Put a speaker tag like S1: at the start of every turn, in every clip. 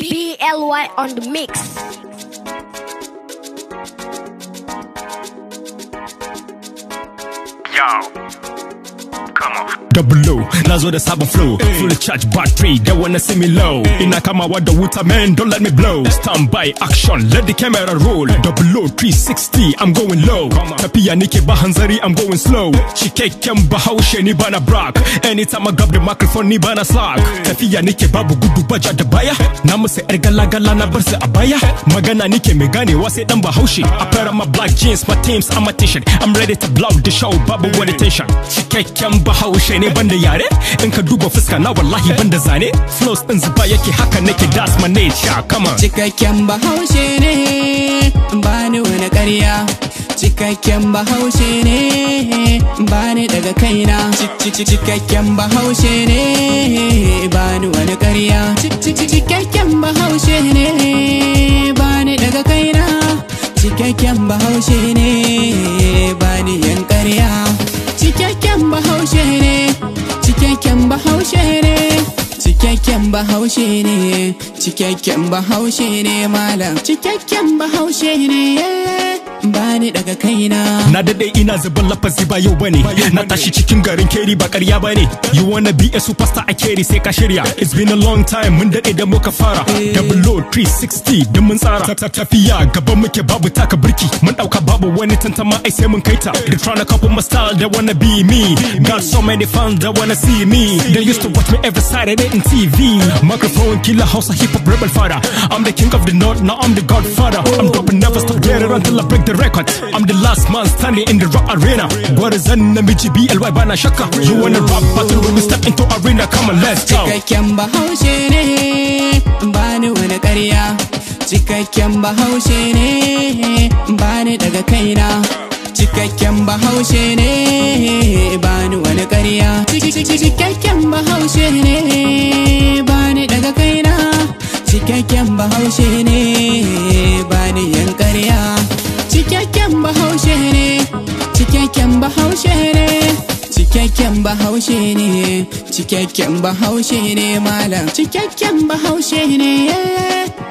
S1: BLY on the mix. Yo. Double O, what the cyber flow. Hey. Eh. Fully charged battery, they wanna see me low. Hey. Eh. In camera, what the water man, don't let me blow. Stand by, action, let the camera roll. Hey. Eh. Double O, 360, I'm going low. Tapia niki Bahanzari, I'm going slow. Chike Kemba Haushe, Nibana Brock. Anytime I grab the microphone, Nibana Slack. Tapia niki Babu Gudu Baja Dabaya. Namuse Ergala Galana Bursa Abaya. Magana niki Megani, was it number Haushi? I pair on my black jeans, my teams, I'm a t shirt. I'm ready to blow the show, Babu with attention. Chike Kemba bahaushe ne banda yare in ka duba fuska na wallahi banda zane flows din zuba yake haka nake das manager come on
S2: cikakken bahaushe ne ba ni wani ƙarya cikakken bahaushe ne ba ni daga kaina cikakken bahaushe ne ba ni wani ƙarya cikakken bahaushe ne bahaushe ne cikakken bahaushe ne cikakken bahaushe ne malam cikakken bahaushe ne yeah. ni daga kaina
S1: na dade ina zuban lafazi ba yau bane na tashi cikin garin keri ba ƙarya bane you wanna be a superstar a keri sai ka shirya it's been a long time mun dade da muka fara eh. double 360 din mun tsara tafiya gaban muke babu taka birki mun dauka babu wani tantama ai sai mun kaita they tryna copy my style they wanna be me got so many fans that wanna see me they used to watch me every Saturday on TV microphone killer House a hip hop rebel father I'm the king of the north now I'm the godfather I'm dropping never stop get it until I break the record relevant. I'm the last man standing in the rock arena. Gwarzan namiji BLY bana shaka. You wanna rap battle when we step into arena, come on let's go.
S2: Cikakken bahaushe ne, bani wani ƙarya. Cikakken bahaushe ne, bani daga kaina. Cikakken bahaushe ne, bani wani ƙarya. Cikakken bahaushe ne, bani daga kaina. Cikakken bahaushe ne. bahaushe ne cikakken bahaushe ne malam cikakken bahaushe ne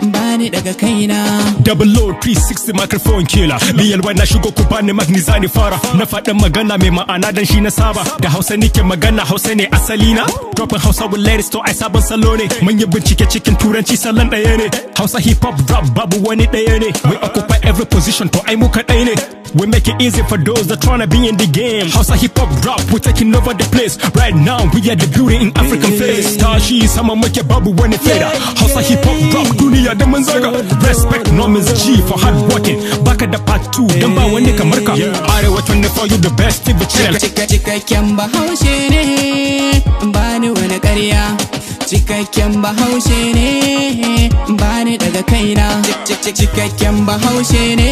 S2: bani daga kaina
S1: double o 360 microphone killer biyalwa na shigo ku bani magniza fara na faɗin magana mai ma'ana dan shi na saba da hausa nike magana hausa ne asali na dropping hausa with ladies to ai sabon salo ne mun yi bincike cikin turanci salon ɗaya ne hausa hip hop drop babu wani ɗaya ne we occupy every position to ai muka kaɗai ne We make it easy for those that tryna be in the game. Hausa hip hop rap, we're taking over the place. Right now, we are the beauty in African face. is sama make babu when it fader. Hausa hip hop rap, duniya da manzaga. Respect means G for hard working. Back at the part two, dan ba wani kamar ka. Arewa 24, you the best TV channel. chika cikakken bahaushe
S2: ne, bani ni wani Chika Cikakken bahaushe ne, bani daga kaina. cikakken bahaushe ne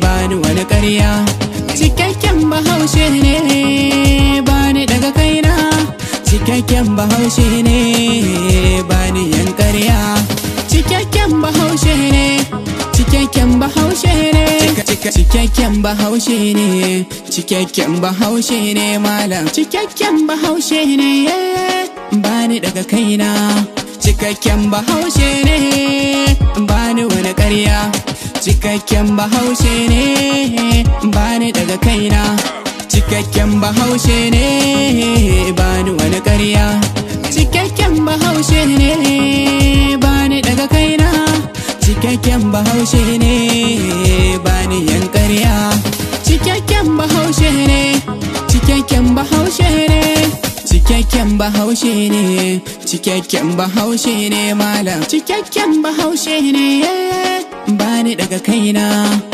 S2: ba ni wani karya cikakken bahaushe ne ba ni daga kaina cikakken bahaushe ne ba ni yan karya cikakken bahaushe ne cikakken bahaushe ne cikakken bahaushe ne cikakken bahaushe ne malam cikakken bahaushe ne eh, ba ni daga kaina cikakken bahaushe ne bani wani karya cikakken bahaushe ne bani daga kaina cikakken bahaushe ne bani wani karya cikakken bahaushe ne bahaushe ne cikakken bahaushe ne malam cikakken bahaushe ne eh, ba ni daga kaina